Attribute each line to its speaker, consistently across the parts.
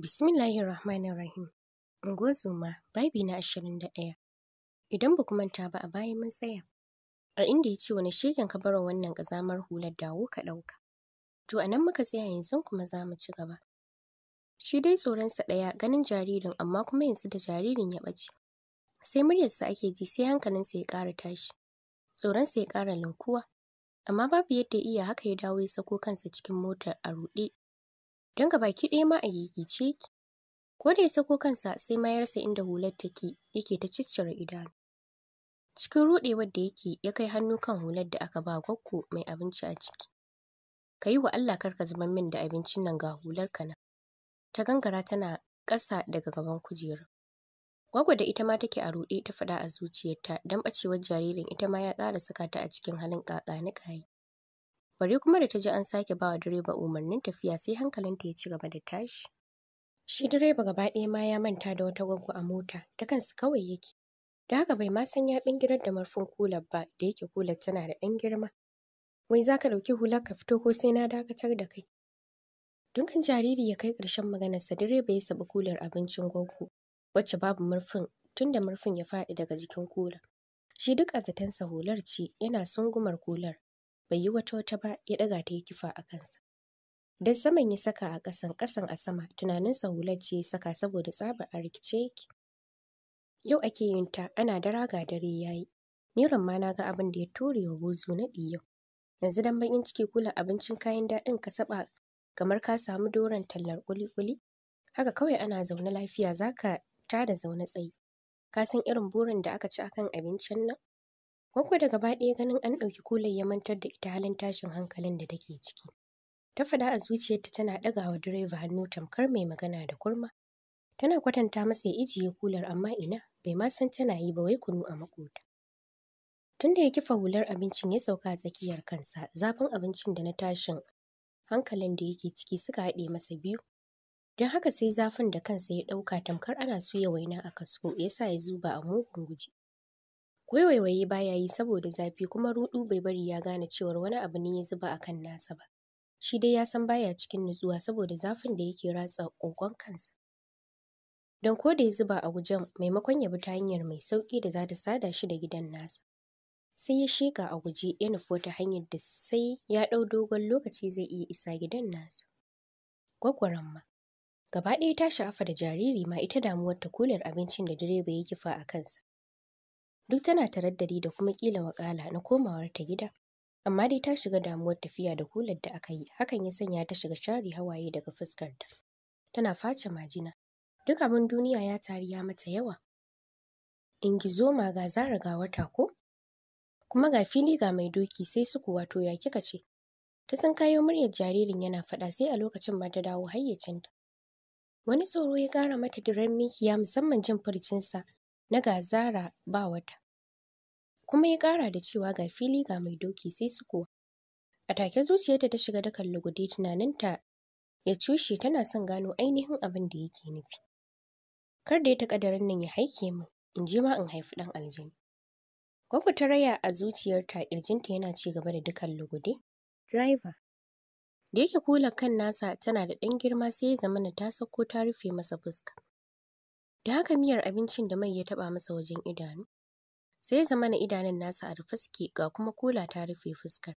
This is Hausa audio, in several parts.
Speaker 1: Bismillahir Rahmanir Rahim. Ungozuma, Baibi na ashirin da ɗaya. Idan ba ku manta ba a baya mun tsaya. A inda ya ce wani shegen ka barin wannan ƙazamar hular dawo ka ɗauka. To a nan muka tsaya yanzu kuma za mu ci gaba. Shi dai tsoronsa ɗaya ganin jaririn amma kuma yanzu da jaririn ya ɓace. Sai muryarsa ake ji sai hankalin hankalinsa ya ƙara tashi. Tsoronsa ya ƙara linkuwa. Amma babu yadda iya haka ya dawo ya sako kansa cikin motar a ruɗe don gabaki ɗaya ma a gigice ki Ko da ya sako kansa sai mayarsa inda hular take yake ta ciccire idanu. Cikin ruɗewar da yake ya kai hannu kan hular da aka ba gwaggo mai abinci a ciki. Ka yi wa Allah kar ka min da abincin nan ga hular ka na. Ta gangara tana ƙasa daga gaban kujeru. Gwaggo da ita ma take a ruɗe ta faɗa a zuciyarta don ɓacewar jaririn ita ma ya ƙara saka ta a cikin halin ni ƙayi. bare kuma da ta ji an sake bawa direba umarnin tafiya sai hankalinta ya ci gaba da tashi shi direba gaba ɗaya ma ya manta da wata gwaggo a mota ta kansu kawai yake da haka bai ma san ya bingirar da murfin kular ba da yake kular tana da ɗan girma wai za ka ɗauki hular ka fito ko sai na dakatar da kai Dukkan jariri ya kai ƙarshen maganarsa direba ya saɓi kular abincin gwaggo wacce babu murfin tunda murfin ya faɗi daga jikin kular. Shi duk a zatensa hular ce yana sungumar kular bai yi wata wata ba ya ɗaga ta yi kifa a kansa dan saman ya saka a ƙasan ƙasan a sama tunaninsa hular ce ya saka saboda tsabar a rikice yake yau ake yin ta ana dara ga dare ya yayi niran ma na ga abin da ya ture wa bozo naɗi yau yanzu dan bakin ciki kula abincin kayan daɗin ka saba kamar ka samu doron tallar kuli-kuli haka kawai ana zaune lafiya za zaka tada zaune tsayi. ka san irin burin da aka ci akan abincin nan Gwaggo da gaba ɗaya ganin an ɗauki kular ya mantar da ita halin tashin hankalin da take ciki. Ta faɗa a zuciyarta tana ɗaga wa direba hannu tamkar mai magana da kurma. Tana kwatanta masa ya ijiye kular amma ina bai ma san tana yi ba wai kunu a makota. Tunda ya kifa hular abincin ya sauka a tsakiyar kansa, zafin abincin da na tashin hankalin da yake ciki suka haɗe masa biyu. Don haka sai zafin da kansa ya ɗauka tamkar ana suya waina a kasko ya sa ya zuba a mugun guji. waiwaiwaye baya yi saboda zafi kuma Rudu bai bari ya gane cewar wani abu ne ya zuba a kan nasa ba. Shi dai ya san baya cikin nutsuwa saboda zafin da yake ratsa ƙoƙon kansa. Don ko da ya zuba a wajen maimakon ya bi ta hanyar mai sauƙi da za ta sada shi da gidan nasa. Sai ya sheka a guje ya nufi wata hanyar da sai ya ɗau dogon lokaci zai iya isa gidan nasa. gwaggwaran ma. Gaba ɗaya ta sha'afa da jariri ma ita damuwar ta kular abincin da direba ya kifa a kansa. Duk tana taraddadi da kuma kila waƙala na komawar ta gida. Amma dai ta shiga damuwar tafiya da kular da aka yi, hakan ya sanya ta shiga shari hawaye daga fuskar ta Tana face majina. Duk abin duniya ya tariya mata yawa. In ma ga zara ga wata ko? Kuma ga fili ga mai doki sai suku wato ya kika ce. Ta san kayo muryar jaririn yana faɗa sai a lokacin ma ta dawo hayyacinta. Wani tsoro ya kara mata diren mikiya musamman jin furcinsa na ga zara ba wata. kuma ya kara da cewa ga fili ga mai doki sai su kuwa. A take zuciyarta ta shiga da lugude tunaninta ya cushe tana son gano ainihin abin da yake nufi. Kar da ya kadarin nan ya haike mu in je ma in haifi ɗan aljini Gwaggo ta raya a zuciyarta ƙirjinta yana ci gaba da dukan lugude. Driver. Da yake kula kan nasa tana da ɗan girma sai ya zamana ta sauko ta rufe masa fuska. Da haka miyar abincin da mai ya taɓa masa wajen idanu, sai ya zama na idanun nasa a rufe suke ga kuma kula ta rufe fuskar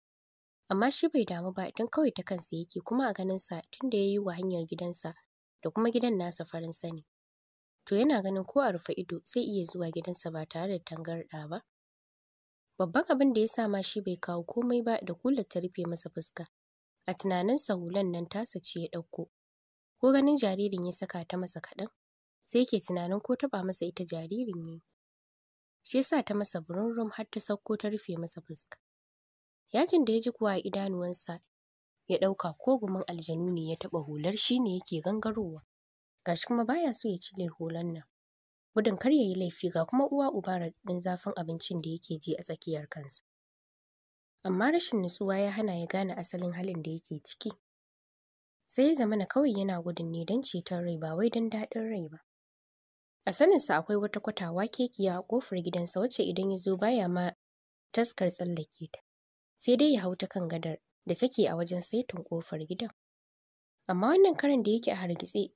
Speaker 1: amma shi bai damu ba don kawai ta kansa yake kuma a ganinsa tun da ya yi wa hanyar gidansa da kuma gidan nasa farin sani to yana ganin ko a rufe ido sai iya zuwa gidansa ba tare da tangarɗa ba babban abin da ya sa ma shi bai kawo komai ba da kular ta rufe masa fuska a tunaninsa hulan nan tasa ce ya ɗauko ko ganin jaririn ya saka ta masa kaɗan sai ke tunanin ko taɓa masa ita jaririn ya Shi yasa ta masa bururun har ta sauko ta rufe masa fuska. Yajin da ya ji kuwa a idanuwansa ya ɗauka ko gumin aljanu ne ya taɓa hular shi ne yake gangarowa. Gashi kuma baya so ya cire hular nan. Gudun kar ya yi laifi ga kuma uwa uba ɗin zafin abincin da yake ji a tsakiyar kansa. Amma rashin nutsuwa ya hana ya gane asalin halin da yake ciki. Sai ya zamana kawai yana gudun ne don ceton rai ba wai don daɗin rai ba. A saninsa akwai wata kwatawa kekiya a ƙofar gidansa wacce idan ya zo baya ma taskar tsallake ta. Sai dai ya hau ta kan gadar da take a wajen saitin kofar gidan. Amma wannan karin da yake a hargitse,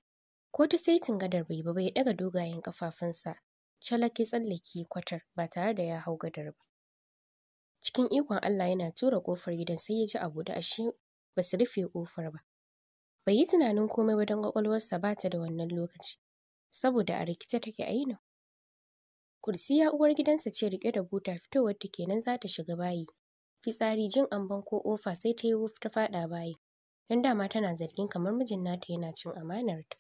Speaker 1: ko ta saitin gadar bai ba bai ɗaga dogayen ƙafafunsa, calak ya tsallake kwatar ba tare da ya hau gadar ba. Cikin ikon Allah yana tura kofar gidan sai ya ji abu da ashe ba su rufe kofar ba. Bai yi tunanin komai ba don ƙwaƙwalwarsa ba ta da wannan lokaci. saboda a rikice take aino. Kursiya uwar gidansa ce rike da buta fitowar ta kenan za ta shiga bayi. Fitsari jin amban ko ofa sai ta yi wuf ta faɗa bayi. Don dama tana zargin kamar mijin nata yana cin amanarta.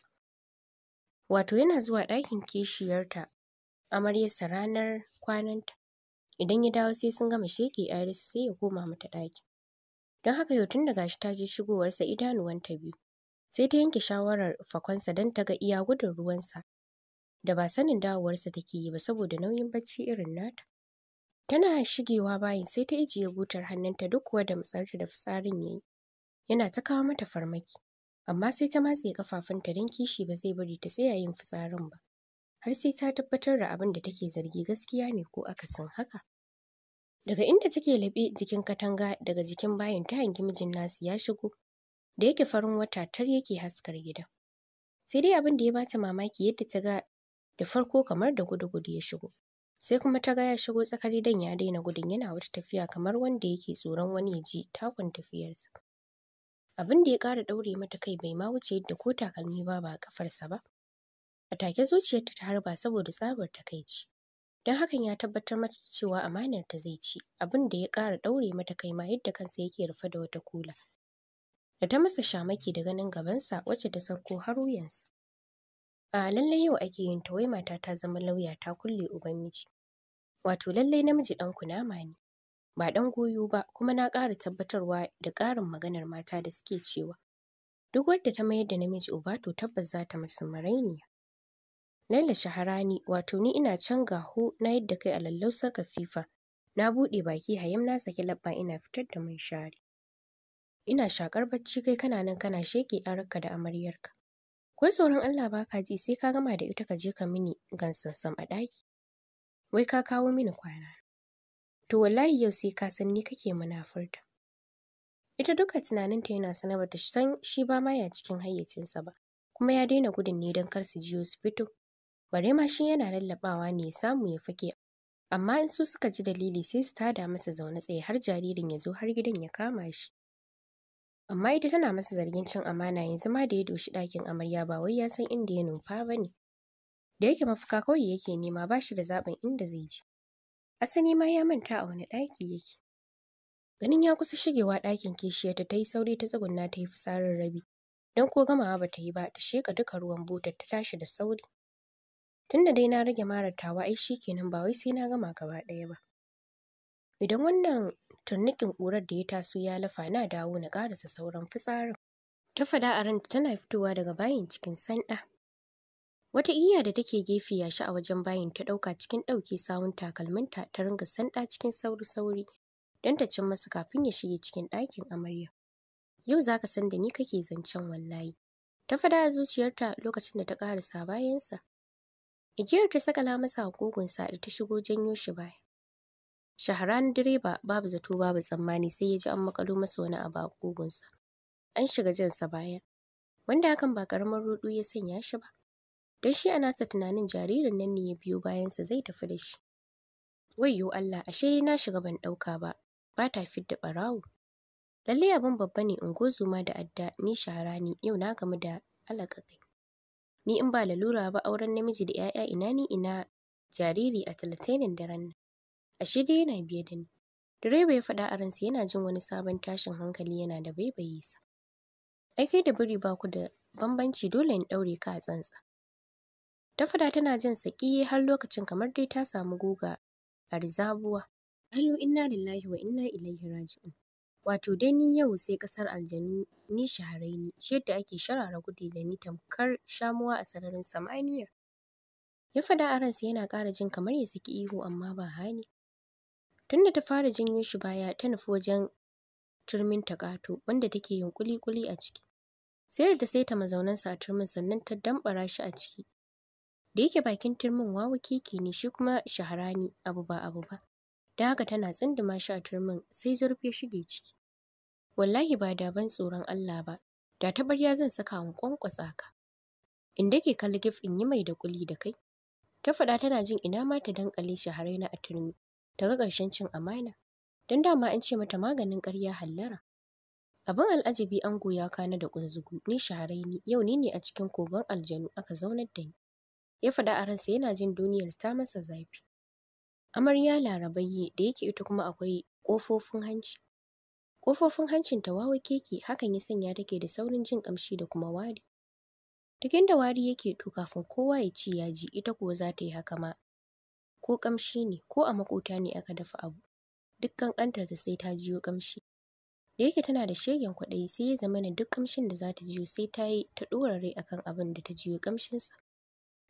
Speaker 1: Wato yana zuwa ɗakin kishiyarta amaryarsa ranar kwananta. Idan ya dawo sai sun gama sheke Iris sai ya koma mata ɗaki. Don haka yau tun da gashi ta je shigowarsa idanuwanta biyu. sai ta yanke shawarar fakonsa don ta ga iya gudun ruwansa da ba sanin dawowarsa take yi ba saboda nauyin bacci irin nata. Tana shigewa bayan sai ta ijiye butar hannunta duk kuwa da mutsarta da fitsarin ya yi, Yana ta kawo mata farmaki, amma sai ta matse kafafunta don kishi ba zai bari ta tsaya yin fitsarin ba. Har sai ta tabbatar da abin da take zargi gaskiya ne ko akasin haka. Daga inda take laɓe jikin katanga daga jikin bayan ta hangi mijin nasu ya shigo da yake farin wata tar yake haskar gida. Sai dai abin da ya bata mamaki yadda ta ga da farko kamar da gudu-gudu ya shigo. Sai kuma ta ga ya shigo tsakar gidan ya daina gudun yana wata tafiya kamar wanda yake tsoron wani ya ji takun tafiyarsa. Abin da ya ƙara ɗaure mata kai bai ma wuce yadda ko takalmi ba ba a ƙafarsa ba. A take zuciyarta ta harba saboda tsabar takaici. Don hakan ya tabbatar mata cewa amanar ta zai ci, abin da ya ƙara ɗaure mata kai ma yadda kansa yake rufe da wata kula. da ta masa shamaki da ganin gabansa wacce ta sarko har wuyansa. Ba lallai yau ake yin ta wai mata ta zama lauya ta kulle uban miji. Wato lallai namiji ɗan kunama ne. Ba ɗan goyo ba kuma na ƙara tabbatarwa da ƙarin maganar mata da suke cewa. Duk wadda ta mayar da namiji uba to tabbas za ta masu marainiya. Laila Shaharani wato ni ina can gaho na yadda kai a lallausar kafifa. Na buɗe baki hayam na saki labba ina fitar da mun share. ina shakar bacci kai kana nan kana sheke yarka da amaryarka ko tsoron Allah baka ji sai ka gama da ita ka je ka mini gansansam a ɗaki wai ka kawo mini kwana to wallahi yau sai ka san ni kake munafurta ita duka tunaninta yana sana bata san shi ba ma ya cikin hayyacinsa ba kuma ya daina gudun ne don kar su jiyo su fito bare ma shi yana lallabawa ne ya samu ya fake amma in su suka ji dalili sai su tada masa zaune tsaye har jaririn ya zo har gidan ya kama shi Amma ita tana masa zargin cin amana yanzu ma da ya doshi ɗakin amarya ba wai ya san inda ya numfa ba ne. Da yake mafuka kawai yake nema ba shi da zaɓin inda zai je. Asali ma ya manta a wani ɗaki yake. Ganin ya kusa shigewa ɗakin kishiyarta ta yi sauri ta tsugunna ta yi fitsarin rabi. Don ko gamawa ba ta yi ba ta sheƙa duka ruwan butar ta tashi da sauri. Tunda dai na rage maratawa, tawa ai shi kenan ba wai sai na gama gaba ɗaya ba. Idan wannan turnuƙin ƙurar da ya taso ya lafa na dawo na ƙarasa sauran fitsarin. Ta fada a ranta tana fitowa daga bayin cikin sanɗa. Wata iya da take gefe yashi a wajen bayin ta ɗauka cikin ɗauke sawun takalminta ta ringa sanɗa cikin sauri-sauri don ta cin masa kafin ya shige cikin ɗakin amarya. Yau za ka san da ni kake zancen wallahi. Ta fada a zuciyarta lokacin da ta ƙarasa bayansa. Igiyar ta saka masa a sa da ta shigo janyo shi baya. Shahran direba babu zato babu tsammani sai ya ji an makalo masa wani abu a ƙugunsa. An shiga jansa baya. Wanda hakan ba ƙaramin ruɗu ya sanya shi ba. Don shi ana sa tunanin jaririn nan ne ya biyo bayansa zai tafi da shi. Wayyo Allah, ashe na shiga ban ɗauka ba, ba ta fidda ɓarawo. Lallai abin babba ne in ma da adda ni shaharani ne yau na gamu da alaƙaƙai. Ni in ba lalura ba auren namiji da ‘ya'ya ina ni ina jariri a talatainin daren nan. a dai yana biye da ni direba ya faɗa a ransa yana jin wani sabon tashin hankali yana da baibaye sa ai kai da biri ba ku da bambanci dole in ɗaure ka a tsantsa ta faɗa tana jin saki har lokacin kamar dai ta samu guga a rizabuwa halu inna lillahi wa inna ilaihi raji'un wato dai ni yau sai ƙasar aljanu ni shaharai ni shi yadda ake sharara gudu da ni tamkar shamuwa a sararin samaniya ya faɗa a ransa yana ƙara jin kamar ya saki ihu amma ba hali Tunda ta fara janyo shi baya ta nufi wajen turmin ta kato wanda take yin ƙuli-ƙuli a ciki. Sai da ta saita sa a turmin sannan ta damɓara shi a ciki. Da yake bakin turmin wawu keke ne shi kuma shaharani abu ba abu ba. Da haka tana tsinduma shi a turmin sai zurfi shige ciki. Wallahi ba da ban tsoron Allah ba, da ta ya zan saka mun kwankwasa ka. In dake kalgif in yi mai da kuli da kai. Ta faɗa tana jin ina ma ta shaharai na a turmi. Daga ƙarshen cin amana don dama an ce mata maganin ƙarya hallara abin al'ajabi ango ya kana da kunzugu ni shahararre yau ni ne a cikin kogon aljanu aka zaunar da ni ya faɗa a ransa yana jin duniyar ta masa zafi amarya larabaiye da yake ita kuma akwai ƙofofin hanci ƙofofin hancin ta wawa keke hakan ya sanya take da saurin jin ƙamshi da kuma wari Tukin da wari yake to kafin kowa ya ci yaji, ita kuwa za ta yi haka ma ko ƙamshi ne ko a maƙota ne aka dafa abu duk ta sai ta jiyo ƙamshi da yake tana da shegen kwaɗayi sai ya zamana duk ƙamshin da za ta jiyo sai ta yi ta ɗora rai akan abin da ta jiyo ƙamshinsa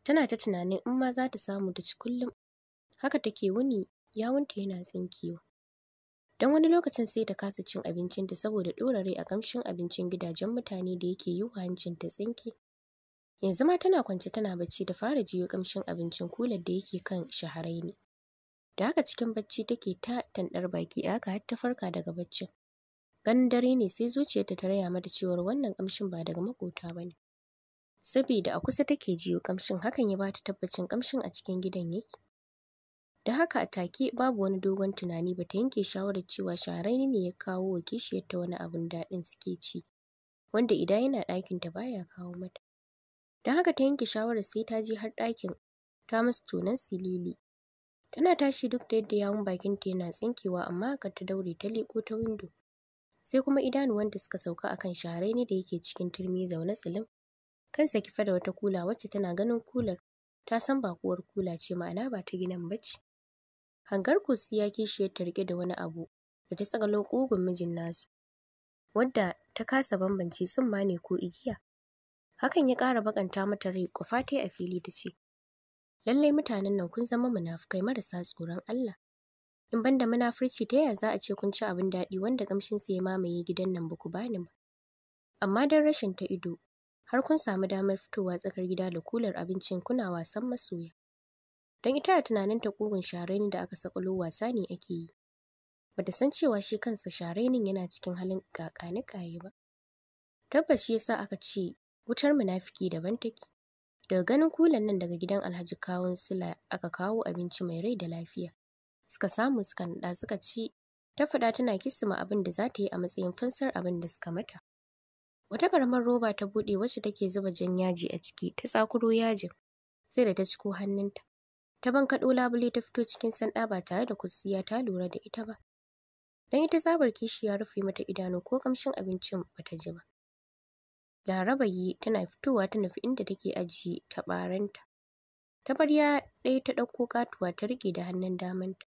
Speaker 1: tana ta tunanin in ma za ta samu ta ci kullum haka take wuni yawunta yana tsinkewa don wani lokacin sai ta kasa cin abincinta saboda ɗora rai a ƙamshin abincin gidajen mutane da yake yi wa hancinta tsinke yanzu ma tana kwance tana bacci ta fara jiyo kamshin abincin kulan da yake kan ne. da haka cikin bacci take ta tandar baki a haka har ta farka daga baccin ganin dare ne sai zuciyarta ta raya mata cewa wannan kamshin ba daga makota ba ne saboda a kusa take jiyo kamshin hakan ya bata tabbacin kamshin a cikin gidan yake da haka a take babu wani dogon tunani ba ta yanke shawarar cewa shaharai ne ya kawo wa kishiyarta wani abun daɗin suke ci wanda idan yana ɗakinta baya kawo mata Don haka ta yanke shawarar sai ta je har ɗakin ta musu tonon silili. Tana tashi duk da yadda yawun bakinta yana tsinkewa amma haka ta daure ta leƙo ta windo. Sai kuma idanuwanta suka sauka akan sharai ne da yake cikin turmi zaune tsilim. Kansa kifa da wata kula wacce tana ganin kular ta san ba kuwar kula ce ma'ana ba ta gidan ce Hangar kutsi ya kishiyar ta riƙe da wani abu da ta tsagalo ƙugun mijin nasu. Wadda ta kasa bambance tsumma ne ko igiya. Hakan ya ƙara baƙanta mata rai kufa ta a fili ta ce, Lallai mutanen nan kun zama munafukai marasa tsoron Allah. In ban da munafurci ta yaya za a ce kun ci abin daɗi wanda gamshinsa ya mamaye gidan nan ba ku bani ba. Amma don rashin ta ido, har kun samu damar fitowa tsakar gida da kular abincin kuna wasan masoya. Don ita a tunanin ta ƙugun Sharaini da aka sakulo wasa ne ake yi. Bata san cewa shi kansa sharainin yana cikin halin kakanikaye ba. Tabbas shi yasa aka ce wutar munafuki daban take daga ganin kulan nan daga gidan alhaji kawun sila aka kawo abinci mai rai da lafiya suka samu suka naɗa suka ci ta faɗa tana kisima abin da za ta yi a matsayin fansar abin da suka mata wata karamar roba ta buɗe wacce take zuba jan yaji a ciki ta tsakuro yajin sai da ta ciko hannunta ta bankaɗo labule ta fito cikin sanda ba tare da kusiya ta lura da ita ba don ita sabar kishi ya rufe mata idanu ko kamshin abincin bata ji ba Larabaye tana fitowa ta nufi inda take ajiye taɓaranta. tabarya ɗaya ta ɗauko katuwa ta riƙe da hannun damanta.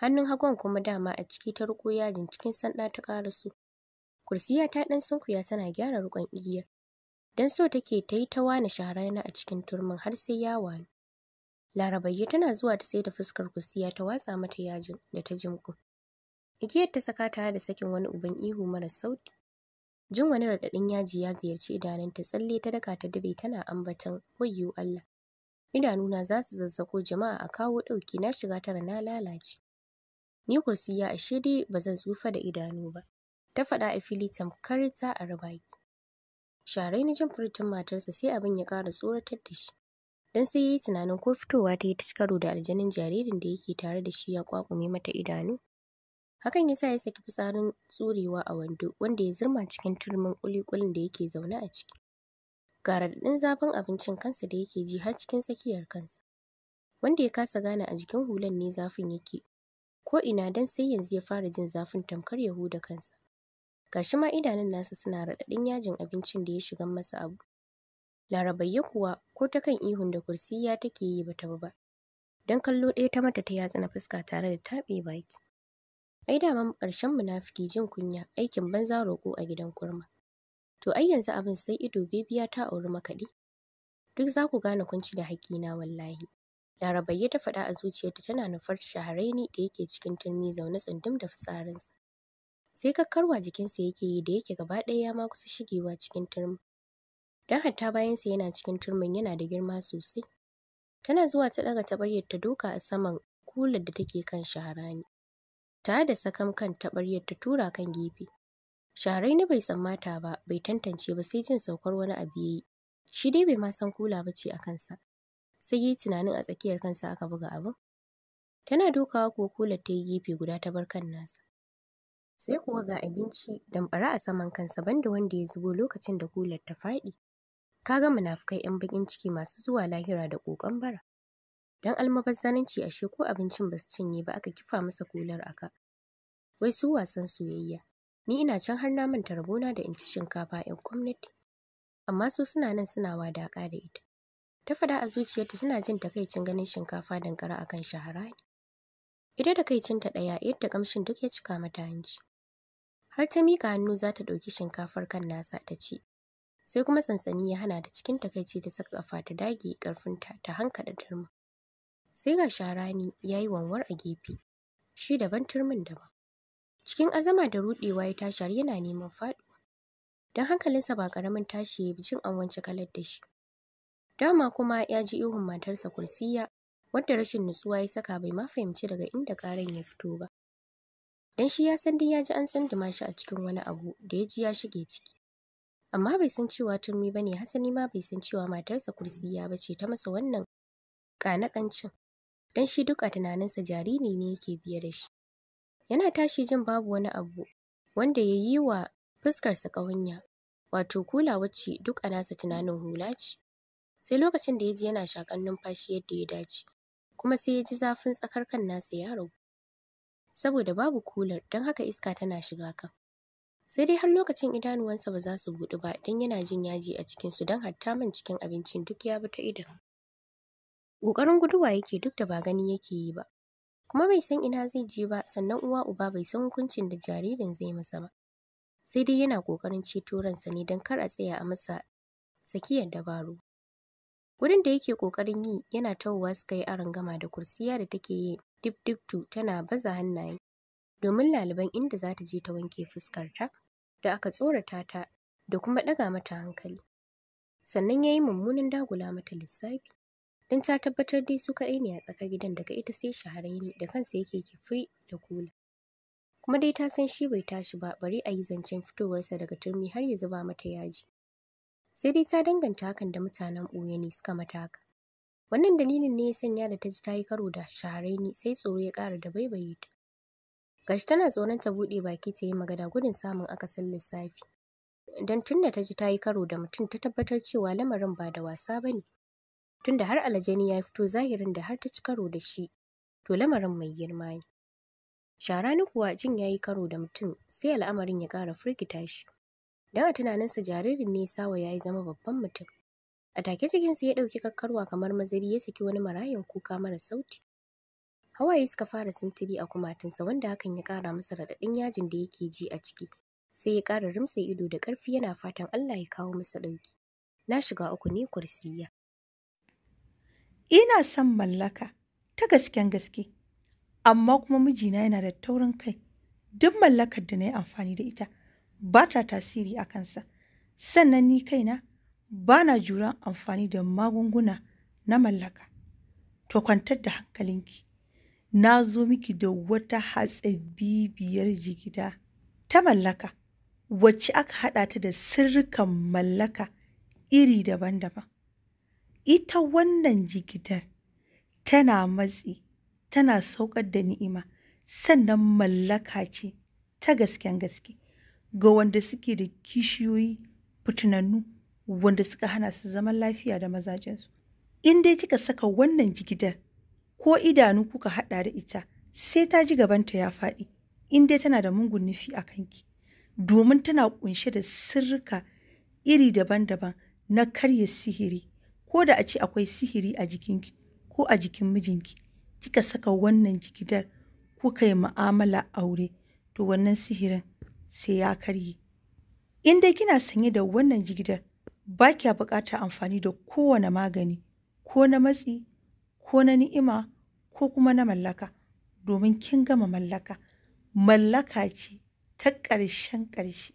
Speaker 1: Hannun hagun kuma dama a ciki ta riƙo yajin cikin sanda ta ƙaraso. Kursiya ta ɗan sunkuya tana gyara riƙon igiyar. Don so take ta yi ta wani shahararna a cikin turmin har sai ya wani. Larabayye tana zuwa ta sai da fuskar kursiya ta watsa mata yajin da ta jimko. Igiyar ta saka tare da sakin wani uban ihu mara sauti. Jin wani raɗaɗin yaji ya ziyarci idanunta tsalle ta daka ta dare tana ambaton wayyo Allah. Idanuna za su zazzako jama'a a kawo ɗauki na shiga tara na lalace. Ni kursi ya ashe dai ba zan tsufa da idanu ba. Ta faɗa a fili tamkar ta a rabaki. Sharai na jin furtun matarsa sai abin ya ƙara tsoratar da shi. Dan sai ya yi tunanin ko fitowa ta yi ta karo da aljanin jaririn da yake tare da shi ya ƙwaƙume mata idanu. Hakan ya sa ya saki fitsarin tsurewa a wando wanda ya zurma cikin turmin kulikulin da yake zaune a ciki. Ga raɗaɗin zafin abincin kansa da yake ji har cikin tsakiyar kansa. Wanda ya kasa gane a jikin hulan ne zafin yake. Ko ina dan sai yanzu ya fara jin zafin tamkar ya huda kansa. Gashi ma idanun nasa suna raɗaɗin yajin abincin da ya shiga masa abu. Larabayya kuwa ko ta kan ihun da kursiya take yi bata ba. Don kallo ɗaya ta mata ta yatsa na fuska tare da taɓe baki. Ai dama ƙarshen munafiki jin kunya, aikin banza roƙo a gidan kurma. To ai yanzu abin sai ido bebiya ta auri makaɗi. Duk za ku gane kunci da haƙina wallahi. Larabayya ta faɗa a zuciyarta tana nufar shaharaini da yake cikin turmi zaune tsundum da fitsarinsa. Sai kakkarwa jikinsa yake yi da yake gaba ɗaya ya ma kusa shigewa cikin turmi. Don hatta bayansa yana cikin turmin yana da girma sosai. Tana zuwa ta ɗaga taɓaryar ta doka a saman kular da take kan shaharani. tare da sakan kan taɓaryar ta tura kan gefe. Sharai na bai tsammata ba, bai tantance ba sai jin saukar wani abu yayi. Shi dai bai ma san kula ba ce a kansa. Sai yi tunanin a tsakiyar kansa aka buga abin. Tana dukawa ko kula ta yi gefe guda ta bar kan nasa. Sai kuwa ga abinci damfara a saman kansa banda wanda ya zubo lokacin da kular ta faɗi. Ka ga munafukai 'yan bakin ciki masu zuwa lahira da ƙoƙon bara. Dan almubazzaranci ashe ko abincin basu cinye ba aka kifa masa kular aka. Wai su wasan soyayya. Ni ina can har na manta rabona da inci shinkafa 'yan gwamnati. Amma su suna nan suna wadaka da ita. Ta fada a zuciyarta tana jin takaicin ganin shinkafa dankara akan shaharai Ita da takaicinta ɗaya yadda kamshin duk ya cika mata hanci. Har ta mika hannu za ta ɗauki shinkafar kan nasa ta ci. Sai kuma sansani ya hana da cikin takaici ta saka kafa ta dage ƙarfinta ta hankaɗa turma sai ga Sharani ya yi wanwar a gefe, shi daban turmin daban. Cikin azama da ruɗewa ya tashar yana neman faɗo. don hankalinsa ba karamin tashi ya jin an wance kalar da shi. Dama kuma ya ji ihun matarsa kursiya, wanda rashin nutsuwa ya saka bai ma fahimci daga inda ƙaran ya fito ba. Dan shi ya san dai ya ji an tsunduma shi a cikin wani abu da ya ji ya shige ciki. Amma bai san cewa turmi ba ne, Hassani ma bai san cewa matarsa kursiya ba ce ta masa wannan kanakancin don shi duk a tunaninsa jariri ne yake biye da shi. Yana tashi jin babu wani abu wanda ya yi wa fuskarsa ƙawanya, wato kula wacce duk a nasa tunanin hula ce. Sai lokacin da ya ji yana shakan numfashi yadda ya dace, kuma sai ya ji zafin tsakar kan nasa ya ragu. Saboda babu kular don haka iska tana shiga kan. Sai dai har lokacin idanuwansa ba za su buɗu ba don yana jin yaji a cikinsu don hatta man cikin abincin duk ya bi ta idon. ƙoƙarin guduwa yake duk da ba gani yake yi ba kuma bai san ina zai je ba sannan uwa uba bai san hukuncin da jaririn zai masa ba sai dai yana ƙoƙarin ceto ransa ne don kar a tsaya a masa tsakiyar dabaru gurin da yake ƙoƙarin yi yana tahowa suka yi gama da kursiya da take yi dip tana baza hannaye domin laliban inda za ta je ta wanke fuskarta da aka tsorata ta da kuma ɗaga mata hankali. Sannan ya yi mummunan dagula mata lissafi. In ta tabbatar dai su kaɗai ne a tsakar gidan daga ita sai shahararri da kansa yake kifi da kula. Kuma dai ta san shi bai tashi ba bari a yi zancen fitowarsa daga turmi har ya zuba mata yaji. Sai dai ta danganta hakan da mutanen ɓoye ne suka mata haka. Wannan dalilin ne ya sanya da ta ji ta yi karo da shahararri sai tsoro ya ƙara da baibaye ta. Gashi tana tsoron ta buɗe baki ta yi magana gudun samun akasin lissafi. Don tun da ta ji ta yi karo da mutum ta tabbatar cewa lamarin ba da wasa ba ne. tunda har aljani ya fito zahirin da har ta ci karo da shi to lamarin mai girma ne sharani kuwa jin ya yi karo da mutum sai al'amarin ya ƙara firgita shi don a tunaninsa jaririn ne sawa ya yi zama babban mutum a take cikinsa ya ɗauki kakkarwa kamar mazari ya saki wani marayan kuka mara sauti hawaye suka fara sintiri a kumatinsa wanda hakan ya ƙara masa raɗaɗin yajin da yake ji a ciki sai ya ƙara rimsa ido da ƙarfi yana fatan Allah ya kawo masa ɗauki na shiga uku ne kursiya
Speaker 2: Ina son mallaka ta gasken gaske, amma kuma mijina yana da taurin kai. Duk mallakar da na yi amfani da ita ba ta tasiri a kansa. Sannan ni kaina ba na juran amfani da magunguna na mallaka. To kwantar da hankalinki, na zo miki da wata bibiyar jigida ta mallaka wacce aka haɗa ta da sirrikan mallaka iri daban-daban. ita wannan jigidar tana matsi tana saukar da ni'ima sannan mallaka ce ta gasken gaske ga wanda suke da kishiyoyi fitinannu wanda suka hana su zaman lafiya da mazajensu in dai kika saka wannan jigidar ko idanu kuka haɗa da ita sai ta ji gabanta ya faɗi in dai tana da mungun nufi a kanki domin tana ƙunshe da sirrika iri daban-daban na karya sihiri ko da a ce akwai sihiri a jikinki ko a jikin mijinki kika saka wannan jigidar kuka yi ma'amala aure to wannan sihirin sai ya karye in dai kina sanye da wannan jigidar ba kya buƙatar amfani da kowane magani ko na matsi ko na ni'ima ko kuma na mallaka domin kin gama mallaka mallaka ce ta ƙarshen ƙarshe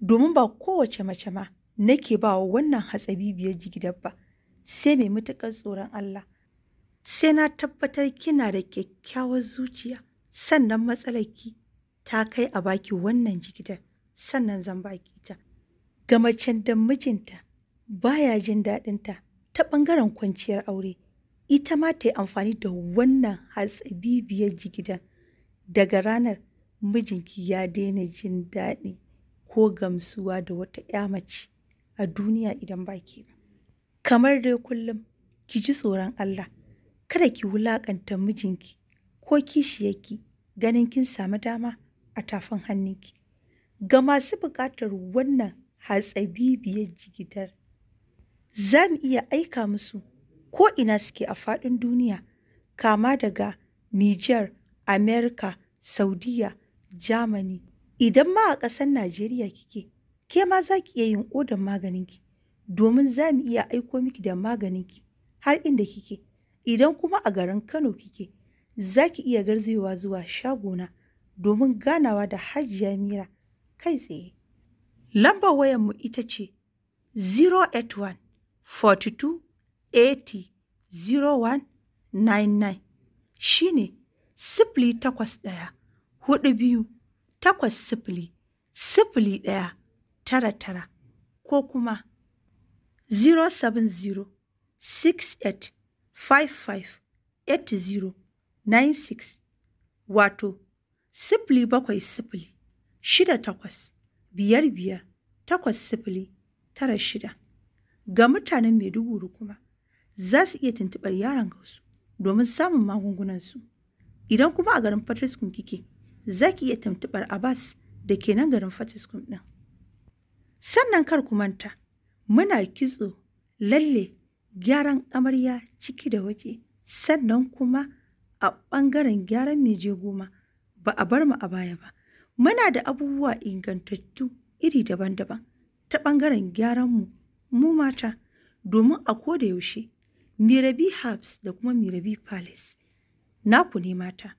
Speaker 2: domin ba kowace mace ma nake ba wa wannan hatsabibiyar ba, sai mai matuƙar tsoron Allah. Sai na tabbatar kina da kyakkyawar zuciya sannan matsalarki ta kai a baki wannan jigidar sannan zan baki ta. Ga macen da mijinta baya jin daɗinta ta ɓangaren kwanciyar aure ita ma ta yi amfani da wannan hatsabibiyar jigidar daga ranar mijinki ya daina jin daɗi ko gamsuwa da wata 'ya mace. a duniya idan ba ke ba. Kamar dai kullum, ki ji tsoron Allah, kada ki wulaƙanta mijinki ko kishiyarki ganin kin sami dama a tafin hannunki. Ga masu buƙatar wannan hatsabibiyar jigitar, za mu iya aika musu ko ina suke a faɗin duniya, kama daga Nijar, Amerika, Saudiya, Jamani, idan ma a ƙasar Najeriya kike. ke ma za ki iya yin maganin ki domin za mu iya aiko miki da maganinki har inda kike idan kuma a garin Kano kike za ki iya garzayowa zuwa shagona domin ganawa da Hajiya Mira kai tsaye. Lambar wayarmu ita ce 081 42 80 0199 shi ne sifili takwas ɗaya hudu biyu takwas sifili sifili ɗaya tara-tara ko kuma 07068558096 wato, sifili bakwai sifili shida takwas biyar biyar takwas sifili tara shida. Ga mutanen Maiduguri kuma za su iya tuntuɓar Yaron Gausu domin samun magungunansu. Idan kuma a garin Fataskun kike, za ki iya tuntuɓar Abbas da ke nan garin Fataskun ɗin. Sannan kar ku manta, muna kitso, lalle, gyaran amarya ciki da waje, sannan kuma a ɓangaren gyaran mai goma ba a bar mu a baya ba. Muna da abubuwa ingantattu iri daban-daban ta ɓangaren gyaranmu mu mata domin a koda yaushe Mirabi Herbs da kuma Mirabi Palace naku ne mata.